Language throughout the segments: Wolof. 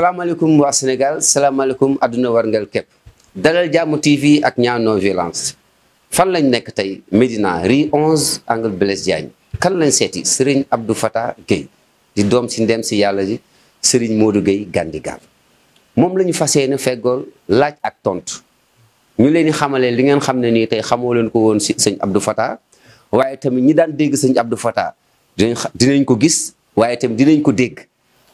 salaamaaleykum waa Sénégal salaamaaleykum àdduna warngeel képp dalal jàmm TV ak ñaan non violence fan lañ nekk tey Médina rue 11 angle Blaise Diagne kan lañ seeti Serigne Abdou Fatah Guèye di doom si ndem si yàlla ji Serigne Modou Guèye Gandigal moom la ñu fas yéene feggool laaj ak tontu ñu leen di xamalee li ngeen xam ne nii tey xamoo leen ko woon si sëñ Abdou Fatah waaye tamit ñi daan dégg sëñ abdu Fatah dinañ dinañ ko gis waaye tamit dinañ ko dégg.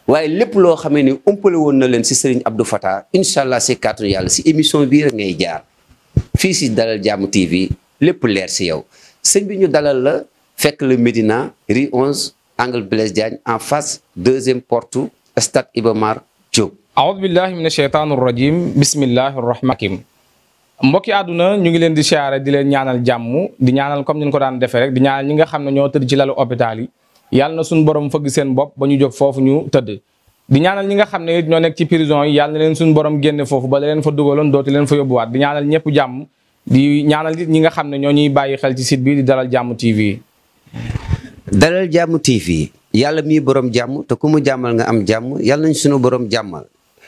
waaye lépp loo xamee ni umpale woon na leen si Serigne Abdou Fatah incha allah si kàttanu yàlla si émission bii rek ngay jaar fii si Dalal Jàmm TV lépp leer si yow sëñ bi ñu dalal la fekk la Médina rue 11 angle Blaise Diagne en face deuxième porte stade Iba Mar Diop. aoudu billahi min asheytaan rajim bismillahi rahmakim mbokki àdduna ñu ngi leen di siyaare di leen ñaanal jàmm di ñaanal comme ni ko daan defee rek ñi nga xam ne ñoo tëdd ci lalu hôpital yàlla na suñu borom fa seen bopp ba ñu jóg foofu ñu tëdd di ñaanal ñi nga xam ne it ñoo nekk ci prison yi yàlla na leen suñu borom génne foofu ba leen fa dugaloon dootu leen fa yóbbuwaat di ñaanal ñëpp jàmm di ñaanal it ñi nga xam ne ñoo ñuy bàyyi xel ci sit bi di dalal jàmm TV. dalal jàmm TV yàlla mii borom jàmm te ku mu jàmmal nga am jàmm yàlla nañ suñu borom jàmmal.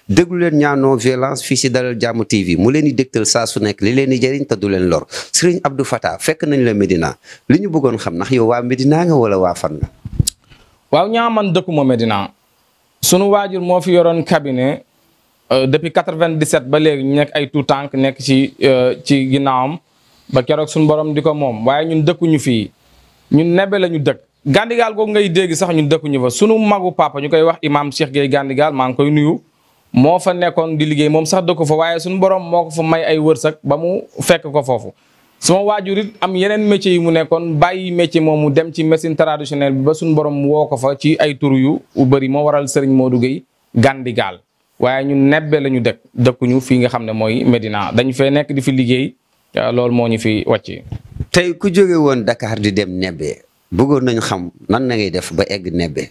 déglu leen ñaa non violence fii si Dalal Jàmm TV mu leen di dégtal saa su nekk li leeni di jëriñ du leen lor Serigne Abdou Fata fekk nañ la Medina li ñu bëggoon xam nax yow waa Medina nga wala waa fan la waaw ñaa man dëkkuma Medina sunu waajur moo fi yoroon cabinet euh, depuis 97 ba léegi ñu nekk ay tout tànk nekk ci euh, ci ginnaawam ba keroog suñu borom di ko moom waaye ñun dëkkuñu fii ñun nebe la ñu dëkk. Gandigaal googu ngay dégg sax ñun dëkkuñu fa sunu magu papa ñu koy wax imam Cheikh Gueye Gandigaal maa ngi koy nuyu. moo fa nekkoon di liggéey moom sax dëkk fa waaye suñu borom moo ko fa may ay wërsëg ba mu fekk ko foofu suma waajur it am yeneen métier yi mu nekkoon bàyyi métier moomu dem ci médecine traditionnelle bi ba suñu borom woo ko fa ci ay tur yu bëri moo waral Serigne Modou Gueye Gandigal waaye ñun nebbe la ñu dëkk dëkkuñu fii nga xam ne mooy Medina dañu fee nekk di fi liggéey loolu moo ñu fi wàcc. tey ku jóge woon dakaar di dem nebbe bëggoon nañu xam nan na ngay def ba egg nebbe.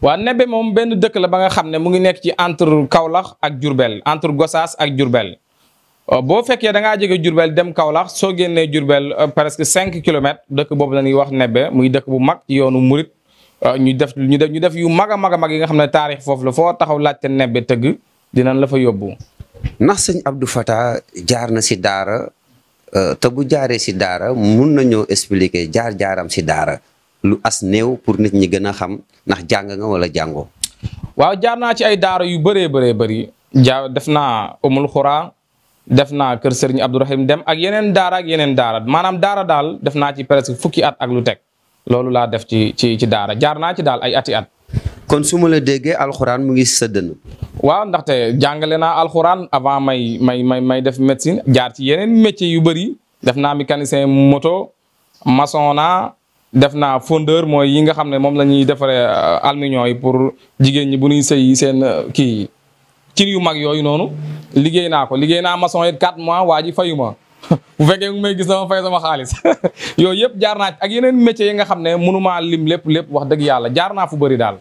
waa Nebbe moom benn dëkk la ba nga xam ne mu ngi nekk ci entre Kaolack ak Diourbel entre Gossas ak Diourbel euh, boo fekkee da ngaa jóge Diourbel dem Kaolack soo génnee Diourbel euh, presque cinq kilomètres dëkk boobu dañuy wax Nebbe muy dëkk bu mag yoonu Murit euh, ñu def ñu def ñu def yu mag a mag mag yi nga xam ne taarix foofu la foo taxaw laajte Nebbe tëgg dinañ la fa yóbbu. ndax sëñ Abdou Fata jaar na si daara te bu jaaree si daara mun na nañoo expliquer jaar jaaram si daara. lu as néew pour nit ñi gën a xam ndax jàng nga wala jàngoo. waaw jaar naa ci ay daara yu bëree bëree bëri ja def naa umul xuraa def naa kër Serigne Abdourahim dem ak yeneen daara ak yeneen daara maanaam daara daal def naa ci presque fukki at ak lu teg loolu laa def ci ci ci daara jaar naa ci daal ay ati at. kon su ma la déggee alxuraan mu ngi sëddën. waaw ndaxte jàngale naa alxuraan avant may may may may def médecine jaar ci yeneen métier yu bëri def naa mécanicien moto maçon def naa fondeur mooy yi nga xam ne moom la ñuy defaree euh, aluminium yi pour jigéen ñi bu ñuy sëy seen euh, kii cin yu mag yooyu noonu liggéey naa ko liggéey naa maçon yi 4 mois waa ji fayu ma bu fekkee mu may gis dama fay sama xaalis yooyu yëpp jaar naa ak yeneen métiers yi nga xam ne mënumaa lim lépp lépp wax dëgg yàlla jaar naa fu bëri daal.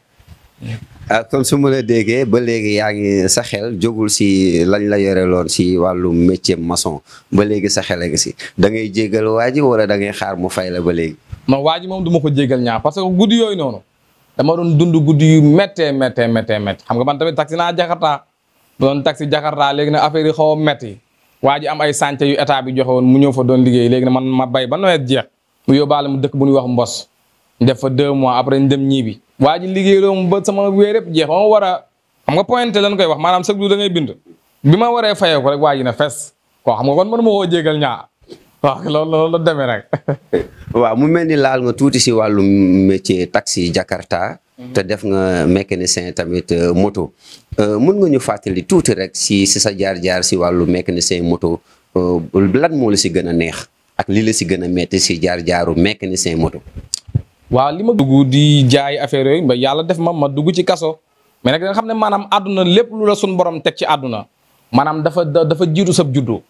ah kon su ma la déggee ba léegi yaa ngi sa xel jogul si lañ la yore loon si wàllu métier maçon ba léegi sa xel si da ngay jégal waa ji wala dangay xaar mu fay la ba léegi. man waa ji moom du ma ko jégal ñaar parce que guddi yooyu noonu dama doon dund guddi yu méttee méttee méttee méttee xam nga man tamit taxi naa jakartaa doon taxi jakartaa léegi na affaire yi xaw a métti waa am ay sànce yu état bi joxe woon mu ñëw fa doon liggéey léegi na man ma bay ba nawet jeex mu yóbbaale mu dëkk bu ñuy wax mbos def fa deux mois après ñu dem ñiibi waa ji liggéey loom ba sama weer yëpp jeex war a xam nga pointé lañ koy wax maanaam sëg da ngay bind bi ma waree fayee ko rek waa ji na fes koo xam nga kon man ma woo jégal ñaar waaw loolu loolu demee rek. waaw mu mel ni laal nga tuuti si wàllum métier taxi Jakarta. Mhm. te def nga mécanicien tamit euh, moto. Euh, mën nga ñu fàttali tuuti rek si si sa jaar-jaar si wàllu mécanicien moto euh, lan moo la si gën a neex ak lii la si gën a metti si jaar-jaaru mécanicien moto. waaw li ma dugg di jaay affaire yooyu ba yàlla def ma ma dugg ci kaso. mais nag da xam ne maanaam àdduna lépp lu la sun borom teg ci àdduna maanaam dafa dafa jiitu sab juddu.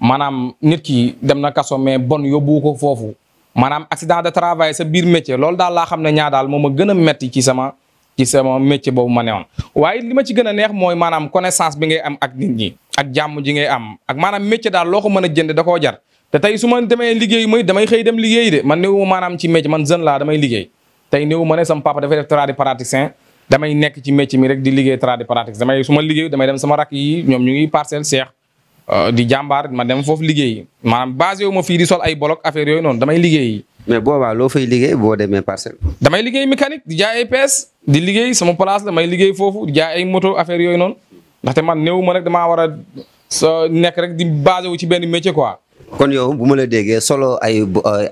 maanaam nit ki dem na kaso mais bon yóbbu ko foofu maanaam accident de travail sa biir métier loolu daal laa xam ne ñaa daal moom a gën a metti ci sama ci sama métier boobu ma newoon waaye li ma ci gën a neex mooy maanaam connaissance bi ngay am ak nit ñi ak jàmm ji ngay am ak maanaam métier daal loo ko mën a koo jar te tey su ma demee liggéey mooy damay xëy dem liggéey de man néew maanaam ci métier man jeune laa damay liggéey tey néew ma ne sama papa dafay def nekk ci métier di liggéey tradipraticien damay su ma liggéey damay dem sama rakk yi ñoom ñu ngi parcelle seex Euh, di jàmbaar ma dem foofu liggéey maanaam basé wu ma fii di sol ay bolok affaire yooyu noon damay liggéey. mais boobaa loo fay liggéey boo demee parcelle. damay liggéey mécanique di jaay ay pees di liggéey sama place damay may liggéey foofu di jaay ay moto affaire yooyu noonu ndaxte man néew ma rek damaa war a sa nekk rek di basé wu ci benn métier quoi. kon yow bu ma la déggee solo ay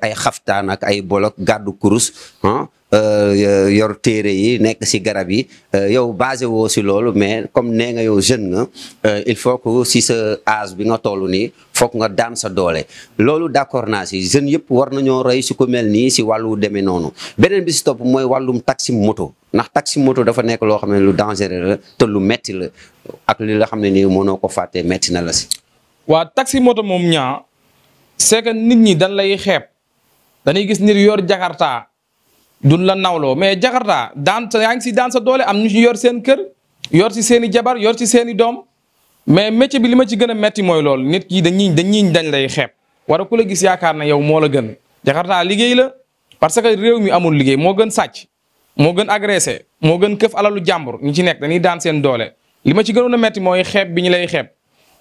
ay xaftaan ak ay bolok gàddu kurus ah euh, yor téere yi nekk si garab yi euh, yow basé woo si loolu mais comme nee nga yow jeune nga euh, il faut que si sa âge bi nga toll nii foog nga daan sa doole loolu d'accord naa si jeunes yëpp war nañoo rey si ko mel nii si wàllu demee noonu beneen bi si mooy wàllum taxi moto ndax taxi moto dafa nekk loo xam ne lu dangereux la te lu metti la ak li la xam ne nii mënoo ko fàttee metti na la si. waa c'est nit ñi dañ lay xeeb dañuy gis nit yor jakarta duñ la nawloo mais jakarta daan sa yaa ngi si daan sa doole am ñu ci yor seen kër yor si seen i jabar yor si seen i doom mais métier bi li ma ci gën a metti mooy loolu nit ki dañuy dañuy dañ lay xeeb war a ku la gis yaakaar na yow moo la gën jakarta liggéey la parce que réew mi amul liggéey moo gën sàcc moo gën agressé moo gën këf alalu jàmbur ñu ci nekk dañuy daan seen doole li ma ci gënoon a metti mooy xeeb bi ñu lay xeeb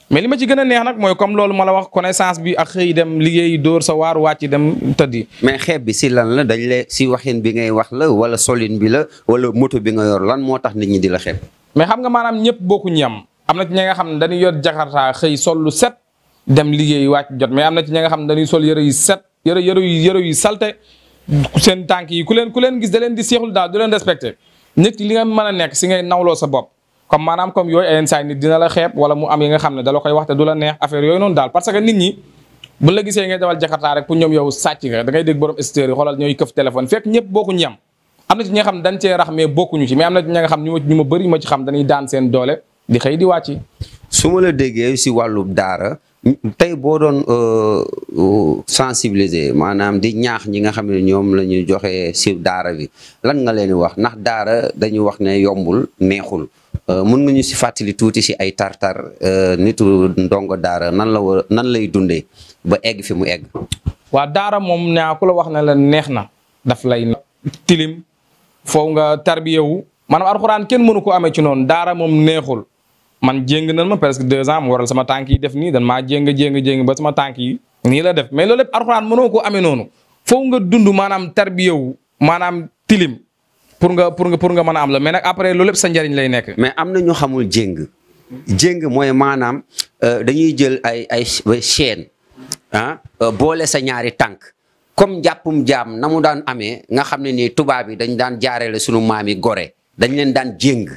mais li ma ci gën neex nag mooy comme loolu ma la wax connaissance bi a xëy dem liggéey dóor sa waar ci dem tëddi. mais xeeb bi si lan la dañ le si waxin bi ngay wax la wala solin bi la wala moto bi nga yor lan moo tax nit ñi di la xeeb. mais xam nga maanaam ñëpp bokkuñ yam am na ci ñi nga xam ne dañuy yor jakarta xëy sol lu set dem liggéey wàcc jot mais am na ci nga xam ne dañuy sol yëre yu set yëre yëre yu yëre yu salte seen tànk yi ku leen ku leen gis da leen di seexul daal du leen respecté nit li nga mën a nekk si ngay nawloo sa bopp comme maanaam comme yooyu yenn saa nit dina la xeeb wala mu am yi nga xam ne da koy wax te du la neex affaire yooyu noonu daal parce que nit ñi bu la gisee ngay dawal jakarta rek pour ñoom yow sàcc nga da ngay dégg borom extérieur yi xoolal ñooy këf téléphone fekk ñëpp bokkuñu yam am na ci ñi nga xam dañ am na ci ñi nga xam ñu ma ñu ma ci xam dañuy daan seen doole di xëy di wàcc. su ma la déggee si wàllu daara tey boo doon euh, euh, sensibiliser maanaam di ñaax ñi nga xam ne ñoom la ñu joxe si daara bi lan nga leen di wax ndax daara dañuy wax ne yombul neexul Euh, mun nga ñu si fàttali tuuti si ay tartar euh, nitu ndongo daara nan la war nan lay dundee ba egg fi mu egg. waa daara moom naa ku wax ne la neex na daf lay tilim foo nga tarbiyewu maanaam alxuraan kenn mënu ko ame ci noonu daara moom neexul man jéng nan ma presque deux ans mu waral sama tànk yi def nii dan maa jéng jéng jéng ba sama tànk yi nii la def mais loolu lépp alxuraan mënoo ko amee noonu foo nga dund maanaam tarbiyewu maanaam tilim. pour nga pour nga pour nga mën a am la mais nag après loolu lépp sa njariñ lay nekk. mais am na ñu xamul jéng. jéng mooy maanaam euh, dañuy jël ay ay euh, chaîne ah, euh, boole sa ñaari tànk comme njàppum jaam na mu daan amee nga xam ne ni tubaab yi dañ daan jaareele sunu maam yi gore dañ leen daan jéng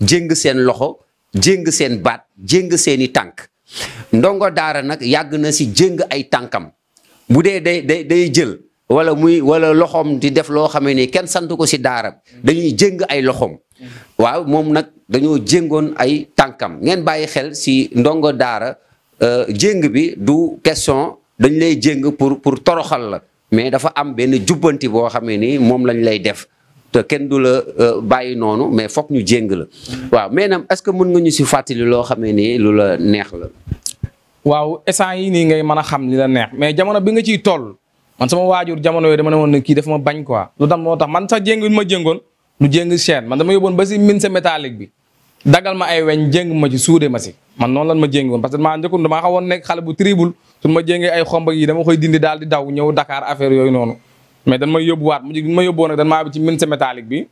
jéng seen loxo jéng seen baat jéng seeni tànk ndongo daara nag yàgg na si jéng ay tànkam bu dee day jël. wala muy walla loxoom di def loo xamee ni kenn sant ko si daara dañuy jëng ay loxoom waaw moom nag dañoo jëngoon ay tànkam ngeen bàyyi xel si ndongo daara euh, jëng bi du question dañ lay jëng pour pour toroxal la mais dafa am benn jubbanti boo xamee ni moom lañ lay def te kenn du la euh, bàyyi noonu mais foog ñu jëng la waaw mais nag est-ce que mun nga ñu si fàttali loo xamee nii lu la neex la waaw essant yi nii ngay mën a xam li la neex mais jamono bi nga ciy toll man sama waajur jamono yooyu dama ne woon ne kii dafa ma bañ quoi lu tax moo tax man sax jéng ma jéngoon lu jéng chaîne man dama ma ay weñ jéng ma ci ma si man noonu lan ma jéngoon parce que maa njëkkoon nekk xale bu tribul suñ ma jéngee ay xomba yi dama koy dindi daal di daw ñëw Dakar affaire yooyu noonu mais dan may yóbbuwaat mu ma yóbboon nag dan maa bi ci min sa métallique bi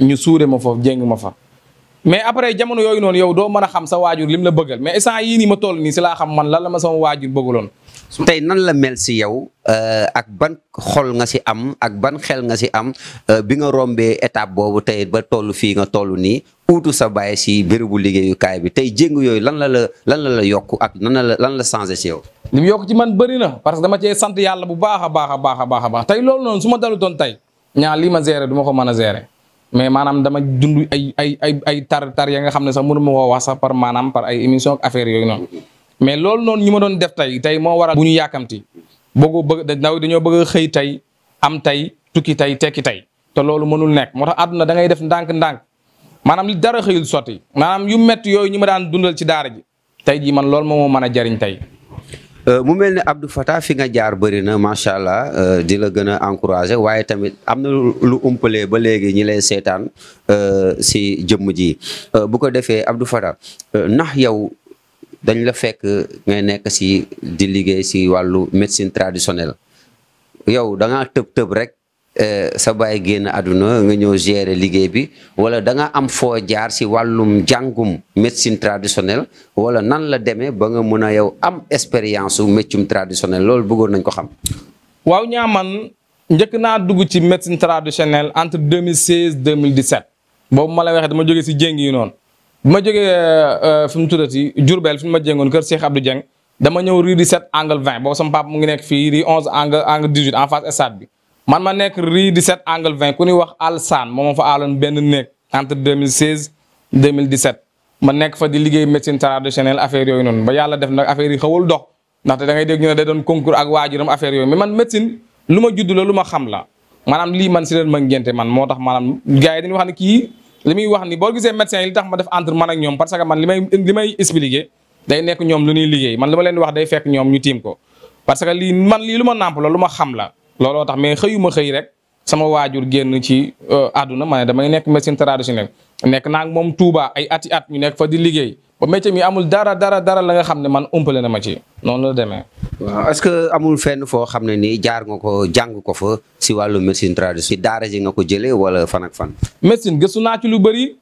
ñu suude ma foofu jéng ma fa mais après jamono yooyu noonu yow doo mën a xam sa waajur lim la bëggal mais instant yii nii ma toll tey nan la mel si yow euh, ak ban xol nga si am ak ban xel nga si am euh, bi nga rombee étape boobu tey ba toll fii nga toll nii uutu sa baay si bérébu liggéeyukaay bi tey jéngu yooyu lan la la lan la la yokk ak nan la la changé si yow. li mu yokk ci man bëri na parce que dama cee sant yàlla bu baax a baax a baax tey loolu noonu su ma dalutoon tey ñaa lii ma gérer du ma ko mën a gérer mais maanaam dama dund ay ay ay ay tar tar ya nga xam ne sax mënu ma koo wax sax par maanaam par ay émission ak affaire yooyu mais loolu noonu ñu ma doon def tey tey moo waral bu ñu yàkkamti bëggu bëgg ndaw dañoo bëgg xëy tey am tey tukki tey tekki tey te loolu mënul nekk moo tax àdduna da ngay def ndànk-ndànk maanaam dara xëyul sotti maanaam yu métti yooyu ñu ma daan dundal ci daara ji tey jii man loolu moo mën a jariñ tey. Euh, mu mel ne Abdou Fatah fi nga jaar bëri na macha allah euh, di la gën a encouragé waaye tamit am na lu umpalee ba léegi ñi lay seetaan euh, si jëmm ji bu ko defee Abdou Fatah ndax yow. dañ la fekk ngay nekk si di liggéey si wàllu médecine traditionnelle yow da ngaa tëb tëb rek eh, sa baay génn àdduna nga ñëw gérer liggéey bi wala da nga am foo jaar si wàllum njàngum médecine traditionnelle wala nan la demee ba nga mën a yow am expérience su méccum traditionnelle loolu bëggoon nañ ko xam. waaw ñaaman njëkk naa dugg ci médecine traditionnelle entre 2016 2017 boobu ma la waxee dama jógee si jéng noonu. bu ma jógee euh, fi mu tuddati Diourbel fi mu ma jéngoon kër Cheikh Abdou Dieng dama ñëw rue 17 angle boobu sama papa ngi nekk fii rue 11 angle angle 18 en face stade bi man ma nekk rue 17 angle 20 ku ñuy wax Alsaan moom fa aaloon benn néeg entre 2016 2017 ma nekk fa di liggéey médecine traditionnelle affaire yooyu noonu ba yàlla def nag affaire xawul dox ndaxte da ngay dégg doon concours ak waajuram affaire yooyu mais man médecine lu ma judd la lu ma xam la maanaam man moo tax maanaam li muy wax ni boo gisee médecin yi li tax ma def entre man ak ñoom parce que man li may li may expliquer day nekk ñoom lu ñuy liggéey man li ma leen wax day fekk ñoom ñu tiim ko parce que lii man lii lu ma nàmp la lu ma xam la looloo tax mais xëyuma xëy rek sama waajur génn ci euh, àdduna ma ne damay nekk médecine traditionnelle nekk naa moom Touba ay ati at ñu nekk fa di liggéey ba métier mi amul dara dara dara la nga xam ne man umpale na ma ci noonu la demee. waaw que amul fenn foo xam ne nii jaar nga ko jàng ko fo si wàllu médecine si daara ji nga ko jëlee wala fan ak fan. médecine gëstu naa ci lu bëri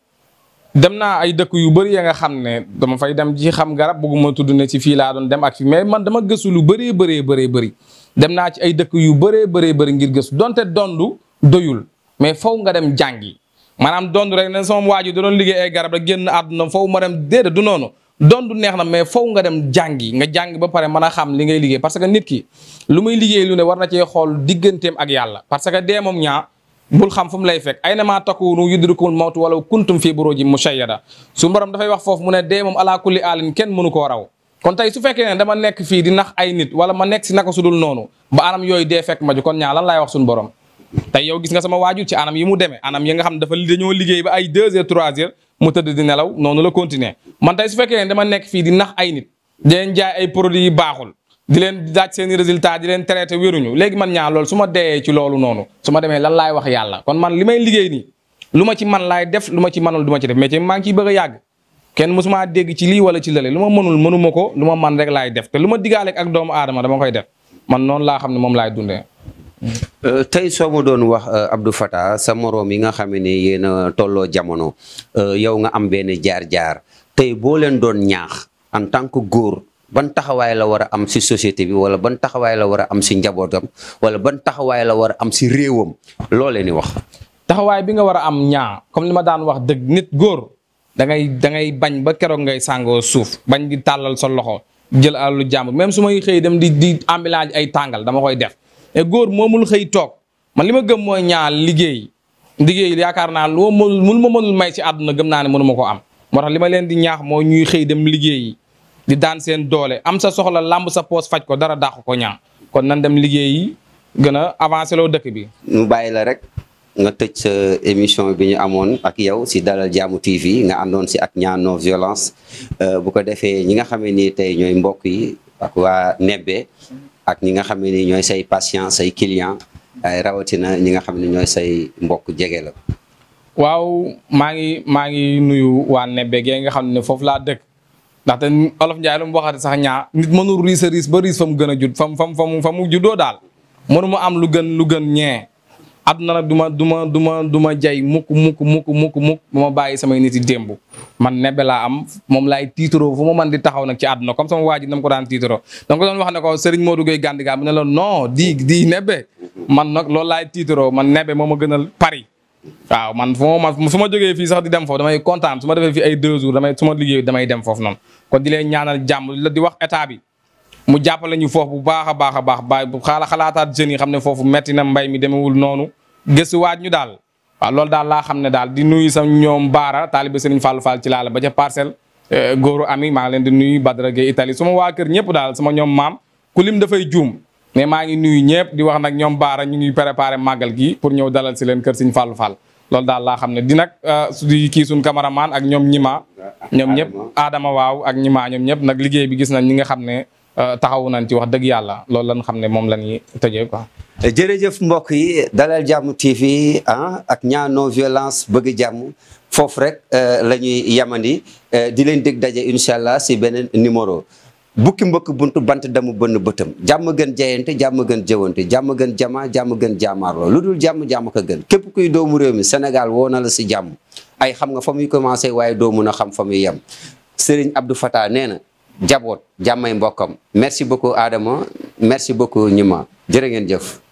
dem naa ay dëkk yu bëri ya nga xam ne dama fay dem ci xam garab bëgguma tudd ne ci fii laa doon dem ak mais man dama gëstu lu bëree bëri dem naa ci ay dëkk yu bëree bëree bëri ngir gëstu donte dondu doyul mais fow nga dem jàngi. maanaam dond rek ne sama waaju da doon liggéey ay garab rek génn àdduna foofu ma dem du noonu dond neex na mais foofu nga dem jàngi nga jàng ba pare mën a xam li ngay liggéey parce que nit ki lu muy liggéey lu ne war na cee xool digganteem ak yàlla parce que dee moom ñaa bul xam fu mu lay fekk ay aynamaa takuunu yudrikumul mawtu wala kuntum fii buruujin mushayyada su borom dafay wax foofu mu ne dee moom alaa kulli aalin kenn mënu koo raw kon tey su fekkee ne nekk fii di nax nit wala ma nekk si naka noonu ba anam yooyu dee fekk ma kon ñaa lan laay wax suñu borom tey yow gis nga sama waajur ci anam yi mu demee anam yi nga xam ne dafa dañoo liggéey ba ay deux heures trois heures mu tëdd di nelaw noonu la continuer man tey su fekkee ne dama nekk fii di nax ay nit di jaay ay produits yi baaxul di leen daaj seen résultat di leen traité wéruñu léegi man ñaa lool suma ma dee ci loolu noonu su ma demee lan laay wax yàlla kon man li may liggéey ni lu ma ci man laay def lu ci manul du ci def mais ci maa ngi ciy bëgg a yàgg kenn mosuma dégg ci lii wala ci lële lu ma mënul mënuma ko lu ma man rek laay def te lu ma digaaleeg ak doomu aadama dama koy def man noonu laa xam ne moom laay dundee Euh, tey soo ma doon wax euh, abdu Fatah sa moroom yi nga xam ne yéen a tolloo jamono euh, yow nga am benn jaar-jaar tey boo leen doon ñaax en tant que góor ban taxawaay la war a am si société bi wala ban taxawaay la war a am si njabootam wala ban taxawaay la war a am si réewam loo leen di wax. taxawaay bi nga war a am ñaa comme li ma daan wax dëgg nit góor da ngay da bañ ba keroog ngay sàngoo suuf bañ di tàllal sa loxo jël alalu jàmbur même su may xëy dem di di emballage ay tàngal dama koy def. mais góor moomul xëy toog ma li ma gëm mooy ñaar liggéey liggéey yaakaar naa lu ma mënul ma mënul may si àdduna gëm naa ne mënu ma ko am moo tax li ma leen di ñaax moo ñuy xëy dem liggéeyi di daan seen doole am sa soxla làmb sa poos faj ko dara dàq ko ñaan kon nan dem liggéeyi gën a avancé loo dëkk bi. ñu bàyyi la rek nga tëj sa émission bi ñu amoon ak yow si Dalal Jàmm TV nga àndoon si ak ñaan non violence euh, bu ko defee ñi nga xamee ne nii tey ñooy mbokk yi ak waa Nebbe ak ñi nga xam ne ni ñooy say patient say client rawatina ñi nga xam ne ñooy say mbokk jege la. waaw maa ngi maa ngi nuyu waa Nebbe gee nga xam ne foofu laa dëkk ndaxte Olof Njaay lu mu waxati sax ñaar nit mënul riis a riis ba riis fa mu gën a jud fa mu fa fa mu juddoo daal mënu mu am lu gën lu gën ñee. àdduna nag du ma du ma du ma du ma jay mukk mukk mukk mukk muk ba ma bàyyi sama nit yi man nebe laa am moom laay tiitaroo fu ma man di taxaw nag ci àdduna comme sama waa ji na ma ko daan tiitaroo donc doon wax ne ko Serigne Modou Gueye Gandiga mu ne la non di di nebe man nag loolu laay tiitaroo man nebe moom ma gënal Paris waaw man fu ma man su fii sax di dem foofu damay kontaan su ma defee fii ay deux jours damay su ma damay dem foofu noonu kon di leen ñaanal jàmm la di wax état bi mu jàppale ñu foofu bu baax a baax a baax bàyyi bu xaala xalaataat jeunes yi xam ne foofu metti na mbay mi demewul noonu gëstuwaat ñu daal waaw loolu daal laa xam ne daal di nuyu sa ñoom baara taaliba sëriñ Fallou Fall ci laala ba ca parcelle eh, góoru ami maa leen di nuyu Badara Gueye suma waa kër ñëpp daal sama ñoom maam ku lim dafay juum mais maa ngi nuyu ñëpp di wax nag ñoom baara ñu ngi préparé màggal gi pour ñëw dalal si leen kër sëriñ Fallou Fall loolu daal laa xam ne di nag eh, di kii suñ cameraman ak ñoom ñima ñoom ñëpp aadama waaw ak ñimaa ñoom ñëpp nag liggéey bi gis nañ ñi nga xam ne Euh, taxawu nañ ci wax dëgg yàlla loolu lan xam ne moom la ñuy ko quoi. jërëjëf mbokk yi dalal jàmm TV ah ak ñaa non violence bëgg jàmm foofu rek euh, la ñuy yamandi euh, di leen dégg daje incha allah si beneen numéro. bukki mbëkk bunt bant damu bënn bëtam jàmm gën jayante jàmm gën jëwante jàmm gën jamaa jàmm gën jaamaarloo lu dul jàmm jàmm ko gën képp kuy doomu réew mi Sénégal woo na la si jàmm ay xam nga fa muy commencé waaye doo mun a xam fa muy yem Serigne Abdou Fatah nee na jaboot jàmmay mbokkam merci beaucoup Adama merci beaucoup Ñima jërë ngeen jëf